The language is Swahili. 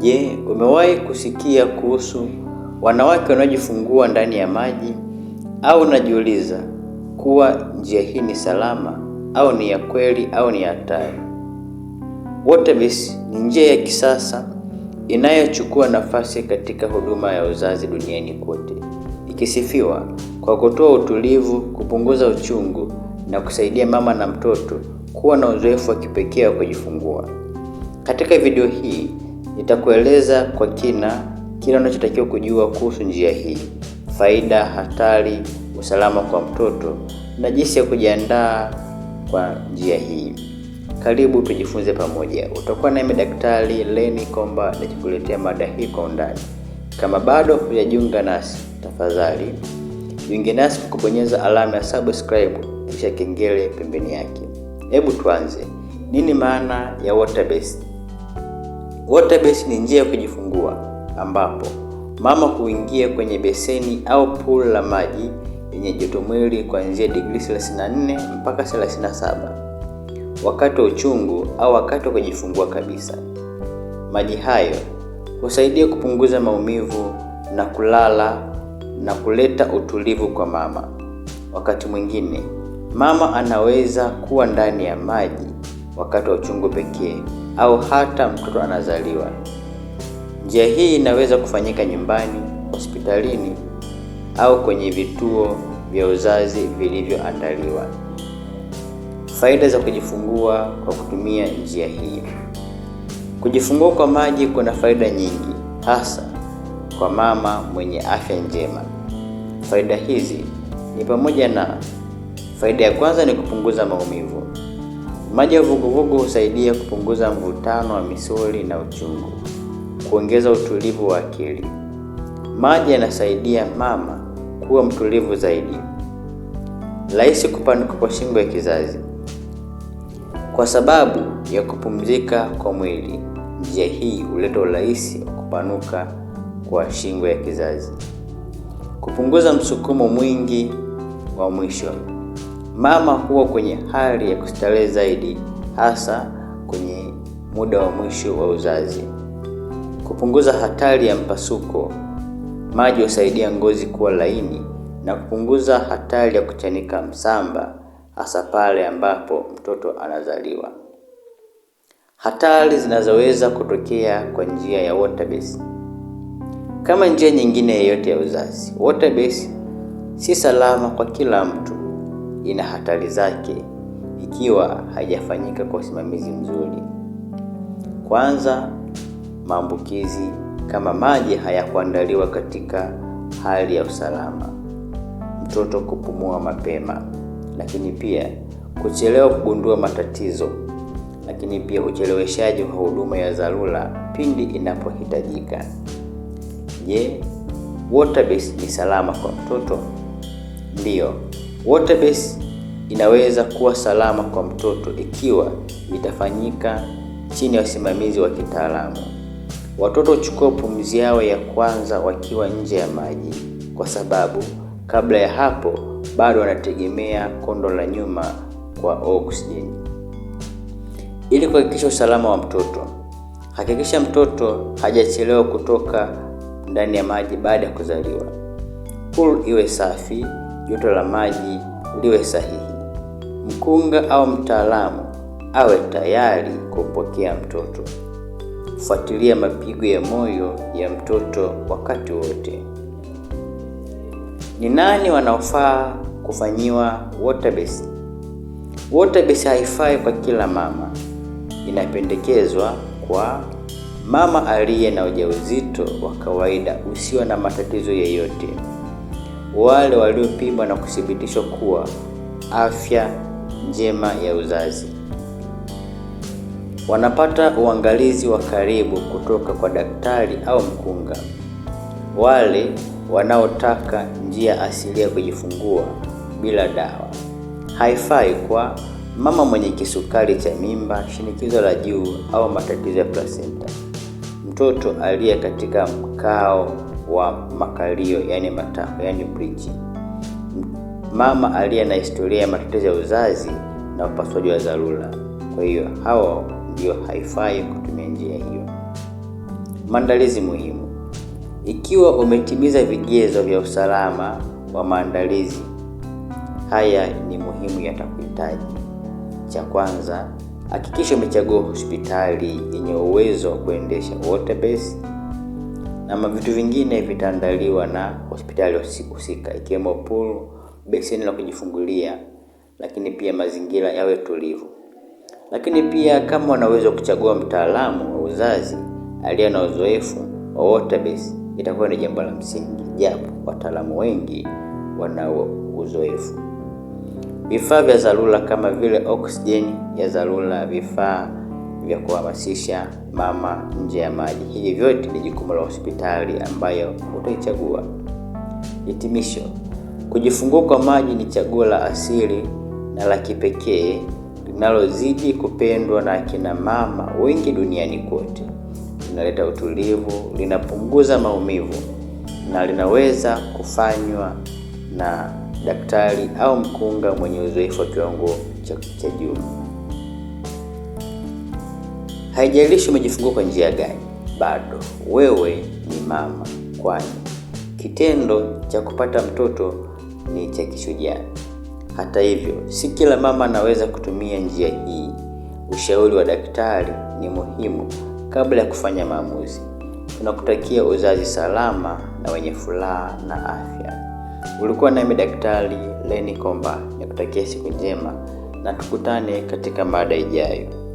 Je, umewahi kusikia kuhusu wanawake wanaojifungua ndani ya maji? Au unajiuliza kuwa njia hii ni salama au ni ya kweli au ni hatari? WaterBase ni njia ya kisasa inayochukua nafasi katika huduma ya uzazi duniani kote, ikisifiwa kwa kutoa utulivu, kupunguza uchungu na kusaidia mama na mtoto kuwa na uzoefu wa kipekee wa kujifungua. Katika video hii Nitakueleza kwa kina kila unachotakiwa kujua kuhusu njia hii, faida, hatari, usalama kwa mtoto na jinsi ya kujiandaa kwa njia hii. Karibu tujifunze pamoja. Utakuwa nami Daktari Lenny Komba nikikuletea mada hii kwa undani. Kama bado hujajiunga nasi, tafadhali jiunge nasi kwa kubonyeza alama ya subscribe kisha kengele pembeni yake. Hebu tuanze. Nini maana ya water-based Waterbase ni njia ya kujifungua ambapo mama huingia kwenye beseni au pool la maji yenye joto mwili kuanzia digrii 34 mpaka 37 wakati wa uchungu au wakati wa kujifungua kabisa. Maji hayo husaidia kupunguza maumivu na kulala na kuleta utulivu kwa mama. Wakati mwingine mama anaweza kuwa ndani ya maji wakati wa uchungu pekee au hata mtoto anazaliwa. Njia hii inaweza kufanyika nyumbani, hospitalini au kwenye vituo vya uzazi vilivyoandaliwa. Faida za kujifungua kwa kutumia njia hii. Kujifungua kwa maji kuna faida nyingi, hasa kwa mama mwenye afya njema. Faida hizi ni pamoja na faida ya kwanza ni kupunguza maumivu. Maji ya vuguvugu husaidia kupunguza mvutano wa misuli na uchungu, kuongeza utulivu wa akili. Maji yanasaidia mama kuwa mtulivu zaidi. Rahisi kupanuka kwa shingo ya kizazi kwa sababu ya kupumzika kwa mwili. Njia hii huleta urahisi wa kupanuka kwa shingo ya kizazi, kupunguza msukumo mwingi wa mwisho mama huwa kwenye hali ya kustarehe zaidi, hasa kwenye muda wa mwisho wa uzazi. Kupunguza hatari ya mpasuko, maji husaidia ngozi kuwa laini na kupunguza hatari ya kuchanika msamba, hasa pale ambapo mtoto anazaliwa. Hatari zinazoweza kutokea kwa njia ya waterbase. Kama njia nyingine yoyote ya uzazi, waterbase si salama kwa kila mtu ina hatari zake ikiwa haijafanyika kwa usimamizi mzuri. Kwanza, maambukizi kama maji hayakuandaliwa katika hali ya usalama, mtoto kupumua mapema, lakini pia kuchelewa kugundua matatizo, lakini pia ucheleweshaji wa huduma ya dharura pindi inapohitajika. Je, water ni salama kwa mtoto? Ndiyo. Waterbase inaweza kuwa salama kwa mtoto ikiwa itafanyika chini ya usimamizi wa kitaalamu. Watoto huchukua pumzi yao ya kwanza wakiwa nje ya maji, kwa sababu kabla ya hapo bado wanategemea kondo la nyuma kwa oksijeni. Ili kuhakikisha usalama wa mtoto, hakikisha mtoto hajachelewa kutoka ndani ya maji baada ya kuzaliwa. Pool iwe safi joto la maji liwe sahihi, mkunga au mtaalamu awe tayari kumpokea mtoto, fuatilia mapigo ya moyo ya mtoto wakati wote. Ni nani wanaofaa kufanyiwa waterbase? Waterbase haifai kwa kila mama, inapendekezwa kwa mama aliye na ujauzito wa kawaida usio na matatizo yoyote wale waliopimwa na kuthibitishwa kuwa afya njema ya uzazi wanapata uangalizi wa karibu kutoka kwa daktari au mkunga. Wale wanaotaka njia asilia ya kujifungua bila dawa haifai kwa mama mwenye kisukari cha mimba, shinikizo la juu au matatizo ya placenta, mtoto aliye katika mkao wa makalio, yani matako, yani bridge. Mama aliye na historia ya matatizo ya uzazi na upasuaji wa dharura. Kwa hiyo hao ndio haifai kutumia njia hiyo. Maandalizi muhimu: ikiwa umetimiza vigezo vya usalama wa maandalizi haya ni muhimu, yatakuhitaji. Cha kwanza, hakikisha umechagua hospitali yenye uwezo wa kuendesha water based na vitu vingine vitaandaliwa na hospitali husika, ikiwemo pool, beseni la kujifungulia, lakini pia mazingira yawe tulivu. Lakini pia kama wanaweza kuchagua mtaalamu wa uzazi aliye na uzoefu wa waterbase, itakuwa ni jambo la msingi, japo wataalamu wengi wana uzoefu. Vifaa vya dharura kama vile oksijeni ya dharura, vifaa vya kuhamasisha mama nje ya maji. Hivi vyote ni jukumu la hospitali ambayo utaichagua. Hitimisho: kujifungua kwa maji ni chaguo la asili na la kipekee linalozidi kupendwa na akina mama wengi duniani kote. Linaleta utulivu, linapunguza maumivu na linaweza kufanywa na daktari au mkunga mwenye uzoefu wa kiwango cha juu. Haijalishi umejifungua kwa njia gani, bado wewe ni mama, kwani kitendo cha kupata mtoto ni cha kishujaa. Hata hivyo, si kila mama anaweza kutumia njia hii. Ushauri wa daktari ni muhimu kabla ya kufanya maamuzi. Tunakutakia uzazi salama na wenye furaha na afya. Ulikuwa nami Daktari Leni Komba, nikutakia siku njema na tukutane katika mada ijayo.